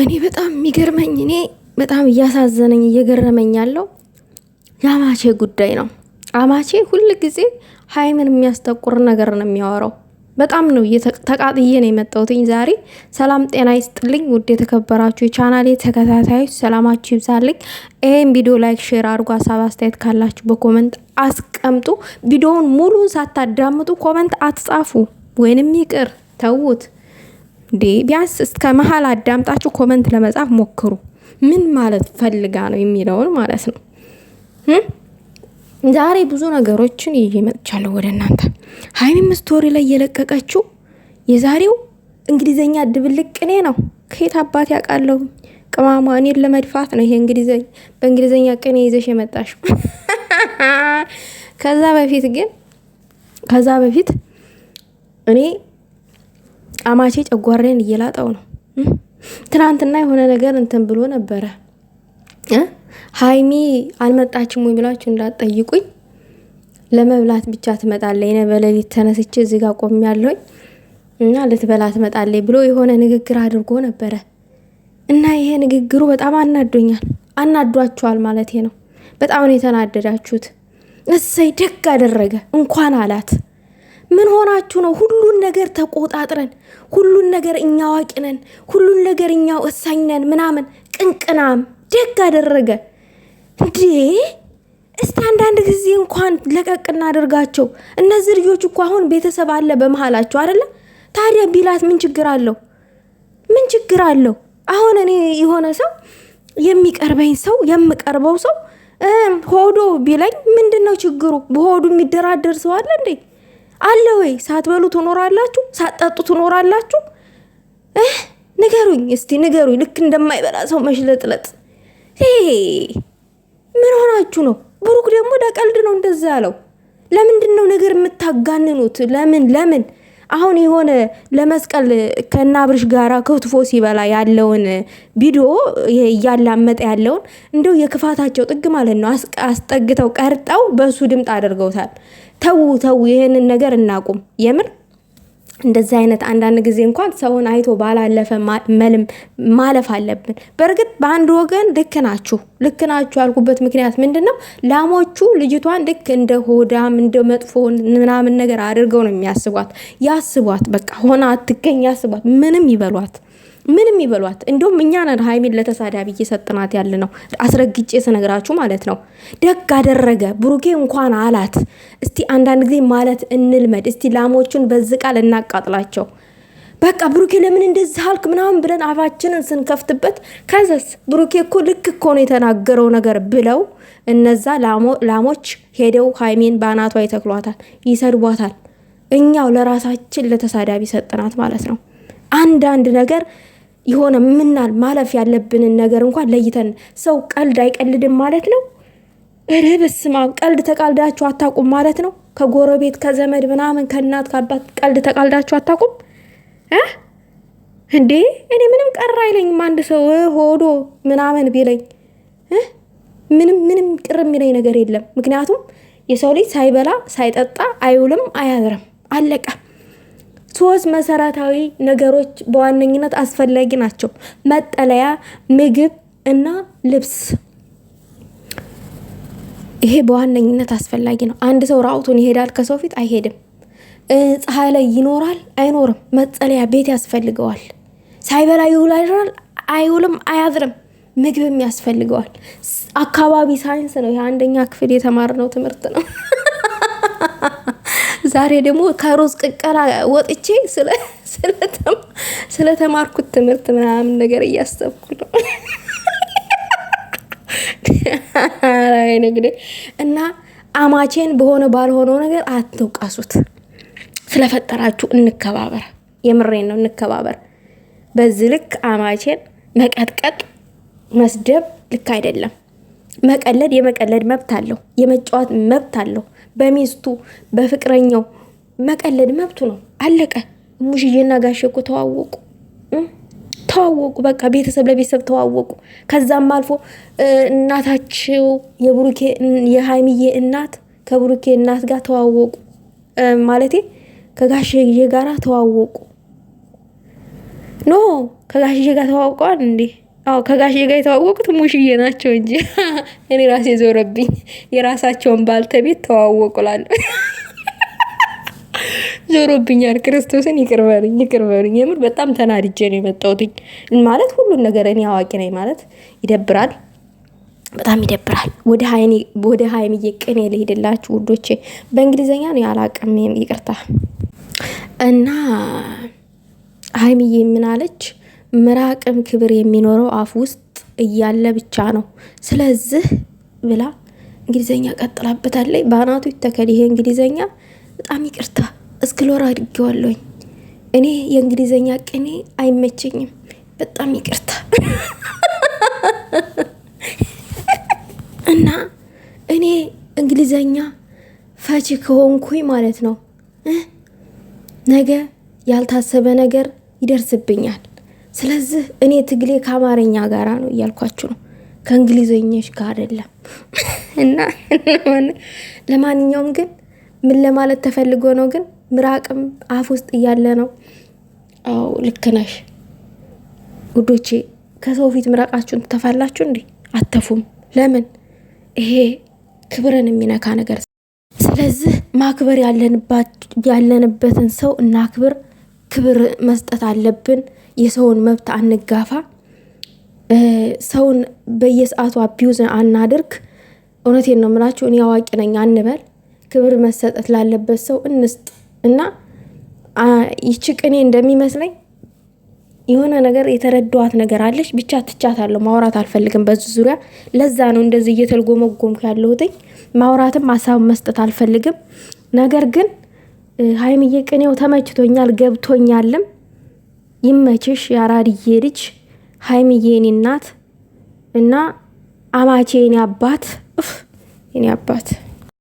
እኔ በጣም የሚገርመኝ እኔ በጣም እያሳዘነኝ እየገረመኝ ያለው የአማቼ ጉዳይ ነው። አማቼ ሁል ጊዜ ሀይምን የሚያስጠቁር ነገር ነው የሚያወራው። በጣም ነው ተቃጥዬ ነው የመጣሁትኝ ዛሬ። ሰላም ጤና ይስጥልኝ ውድ የተከበራችሁ የቻናሌ ተከታታዮች ሰላማችሁ ይብዛልኝ። ይህም ቪዲዮ ላይክ፣ ሼር አድርጎ ሀሳብ አስተያየት ካላችሁ በኮመንት አስቀምጡ። ቪዲዮውን ሙሉን ሳታዳምጡ ኮመንት አትጻፉ፣ ወይንም ይቅር ተዉት። እንዴ ቢያንስ እስከ መሀል አዳምጣችሁ ኮመንት ለመጻፍ ሞክሩ። ምን ማለት ፈልጋ ነው የሚለውን ማለት ነው። ዛሬ ብዙ ነገሮችን ይዤ መጥቻለሁ ወደ እናንተ። ሀይሚም ስቶሪ ላይ የለቀቀችው የዛሬው እንግሊዘኛ ድብልቅ ቅኔ ነው። ከየት አባት ያውቃለሁ? ቅማማ እኔን ለመድፋት ነው ይሄ በእንግሊዘኛ ቅኔ ይዘሽ የመጣሽ። ከዛ በፊት ግን ከዛ በፊት እኔ አማቼ ጨጓራዬን እየላጠው ነው። ትናንትና የሆነ ነገር እንትን ብሎ ነበረ። ሀይሚ አልመጣችም ወይ ብላችሁ እንዳትጠይቁኝ። ለመብላት ብቻ ትመጣለች። ነ በሌሊት ተነስቼ እዚህ ጋር ቆሜያለሁኝ እና ልትበላ ትመጣለች ብሎ የሆነ ንግግር አድርጎ ነበረ እና ይሄ ንግግሩ በጣም አናዶኛል። አናዷችኋል ማለት ነው። በጣም ነው የተናደዳችሁት። እሰይ ደግ አደረገ እንኳን አላት። ምን ሆናችሁ ነው? ሁሉን ነገር ተቆጣጥረን ሁሉን ነገር እኛ አዋቂ ነን፣ ሁሉን ነገር እኛ ወሳኝ ነን ምናምን ቅንቅናም ደግ አደረገ እንዴ! እስቲ አንዳንድ ጊዜ እንኳን ለቀቅ እናደርጋቸው። እነዚህ ልጆች እኮ አሁን ቤተሰብ አለ በመሃላቸው አደለ? ታዲያ ቢላት ምን ችግር አለው? ምን ችግር አለው? አሁን እኔ የሆነ ሰው የሚቀርበኝ ሰው የምቀርበው ሰው ሆዶ ቢለኝ ምንድን ነው ችግሩ? በሆዱ የሚደራደር ሰው አለ እንዴ? አለ ወይ? ሳትበሉ ትኖራላችሁ፣ ሳትጠጡ ትኖራላችሁ። ንገሩኝ እስቲ ንገሩኝ። ልክ እንደማይበላ ሰው መሽለጥለጥ። ምን ሆናችሁ ነው? ብሩክ ደግሞ ለቀልድ ነው እንደዛ ያለው። ለምንድን ነው ነገር የምታጋንኑት? ለምን ለምን አሁን የሆነ ለመስቀል ከናብርሽ ጋራ ክትፎ ሲበላ ያለውን ቪዲዮ እያላመጠ ያለውን እንደው የክፋታቸው ጥግ ማለት ነው። አስጠግተው ቀርጠው በሱ ድምፅ አድርገውታል። ተዉ ተዉ፣ ይህንን ነገር እናቁም የምር እንደዚህ አይነት አንዳንድ ጊዜ እንኳን ሰውን አይቶ ባላለፈ መልም ማለፍ አለብን። በእርግጥ በአንድ ወገን ልክ ናችሁ። ልክ ናችሁ ያልኩበት ምክንያት ምንድን ነው? ላሞቹ ልጅቷን ልክ እንደ ሆዳም እንደ መጥፎ ምናምን ነገር አድርገው ነው የሚያስቧት። ያስቧት፣ በቃ ሆና አትገኝ ያስቧት፣ ምንም ይበሏት። ምንም ይበሏት። እንደውም እኛ ነን ሀይሚን ለተሳዳቢ እየሰጥናት ያለ ነው። አስረግጬ ስነግራችሁ ማለት ነው። ደግ አደረገ ብሩኬ እንኳን አላት። እስቲ አንዳንድ ጊዜ ማለት እንልመድ። እስቲ ላሞቹን በዚህ ቃል እናቃጥላቸው። በቃ ብሩኬ ለምን እንደዚህ አልክ ምናምን ብለን አፋችንን ስንከፍትበት፣ ከዘስ ብሩኬ እኮ ልክ እኮ ነው የተናገረው ነገር ብለው እነዛ ላሞች ሄደው ሀይሜን በአናቷ ይተክሏታል፣ ይሰድቧታል። እኛው ለራሳችን ለተሳዳቢ ሰጠናት ማለት ነው። አንዳንድ ነገር የሆነ ምናል ማለፍ ያለብንን ነገር እንኳን ለይተን ሰው ቀልድ አይቀልድም ማለት ነው። እረ በስመ አብ ቀልድ ተቃልዳችሁ አታቁም ማለት ነው። ከጎረቤት ከዘመድ ምናምን ከእናት ከአባት ቀልድ ተቃልዳችሁ አታቁም እንዴ? እኔ ምንም ቀር አይለኝም አንድ ሰው ሆዶ ምናምን ቢለኝ ምንም ምንም ቅር የሚለኝ ነገር የለም። ምክንያቱም የሰው ልጅ ሳይበላ ሳይጠጣ አይውልም አያድርም። አለቀ። ሶስት መሰረታዊ ነገሮች በዋነኝነት አስፈላጊ ናቸው። መጠለያ፣ ምግብ እና ልብስ። ይሄ በዋነኝነት አስፈላጊ ነው። አንድ ሰው ራቁቱን ይሄዳል? ከሰው ፊት አይሄድም። ፀሐይ ላይ ይኖራል? አይኖርም። መጠለያ ቤት ያስፈልገዋል። ሳይበላ ይውል አይኖራል? አይውልም፣ አያድርም። ምግብም ያስፈልገዋል። አካባቢ ሳይንስ ነው። የአንደኛ ክፍል የተማርነው ትምህርት ነው። ዛሬ ደግሞ ከሩዝ ቅቀላ ወጥቼ ስለተማርኩት ትምህርት ምናምን ነገር እያሰብኩ ነው። እንግዲህ እና አማቼን በሆነ ባልሆነው ነገር አትውቀሱት። ስለፈጠራችሁ እንከባበር። የምሬን ነው፣ እንከባበር። በዚህ ልክ አማቼን መቀጥቀጥ፣ መስደብ ልክ አይደለም። መቀለድ የመቀለድ መብት አለው፣ የመጫወት መብት አለው። በሚስቱ በፍቅረኛው መቀለድ መብቱ ነው። አለቀ። ሙሽዬና ጋሼ እኮ ተዋወቁ ተዋወቁ። በቃ ቤተሰብ ለቤተሰብ ተዋወቁ። ከዛም አልፎ እናታቸው የብሩኬ የሀይሚዬ እናት ከብሩኬ እናት ጋር ተዋወቁ። ማለቴ ከጋሼዬ ጋራ ተዋወቁ። ኖ ከጋሼዬ ጋር ተዋውቀዋል እንዴ? አዎ ከጋሽዬ ጋር የተዋወቁት ሙሽዬ ናቸው እንጂ እኔ ራሴ ዞረብኝ። የራሳቸውን ባልተቤት ተዋወቁላሉ ዞሮብኛል። ክርስቶስን ይቅር በሉኝ፣ ይቅር በሉኝ። የምር በጣም ተናድጄ ነው የመጣሁትኝ። ማለት ሁሉን ነገር እኔ አዋቂ ነኝ ማለት ይደብራል፣ በጣም ይደብራል። ወደ ሀይምዬ ቅኔ ልሄድላችሁ ውዶቼ። በእንግሊዝኛ ነው ያላቅም፣ ይቅርታ እና ሀይምዬ ምን አለች? ምራቅም ክብር የሚኖረው አፍ ውስጥ እያለ ብቻ ነው። ስለዚህ ብላ እንግሊዘኛ ቀጥላበታለይ በአናቱ ይተከል። ይሄ እንግሊዘኛ በጣም ይቅርታ እስክሎር አድጌዋለኝ። እኔ የእንግሊዘኛ ቅኔ አይመቸኝም። በጣም ይቅርታ እና እኔ እንግሊዘኛ ፈቺ ከሆንኩኝ ማለት ነው ነገ ያልታሰበ ነገር ይደርስብኛል። ስለዚህ እኔ ትግሌ ከአማርኛ ጋራ ነው እያልኳችሁ ነው፣ ከእንግሊዘኞች ጋር አይደለም። እና ለማንኛውም ግን ምን ለማለት ተፈልጎ ነው ግን ምራቅም አፍ ውስጥ እያለ ነው። አዎ ልክ ነሽ ውዶቼ። ከሰው ፊት ምራቃችሁን ትተፋላችሁ እንዴ? አተፉም። ለምን? ይሄ ክብርን የሚነካ ነገር። ስለዚህ ማክበር ያለንበትን ሰው እናክብር። ክብር መስጠት አለብን። የሰውን መብት አንጋፋ። ሰውን በየሰዓቱ አቢዩዝ አናድርግ። እውነቴን ነው የምላችሁ፣ እኔ አዋቂ ነኝ አንበል። ክብር መሰጠት ላለበት ሰው እንስጥ እና ይቺ ቅኔ እንደሚመስለኝ የሆነ ነገር የተረዳዋት ነገር አለች። ብቻ ትቻታለሁ። ማውራት አልፈልግም በዚ ዙሪያ። ለዛ ነው እንደዚህ እየተልጎመጎምኩ ያለሁትኝ። ማውራትም ሀሳብ መስጠት አልፈልግም። ነገር ግን ሀይምዬ ቅኔው ተመችቶኛል ገብቶኛልም። ይመችሽ የአራድዬ ልጅ ሀይምዬ የኔ እናት እና አማቼ የኔ አባት እፍ የኔ አባት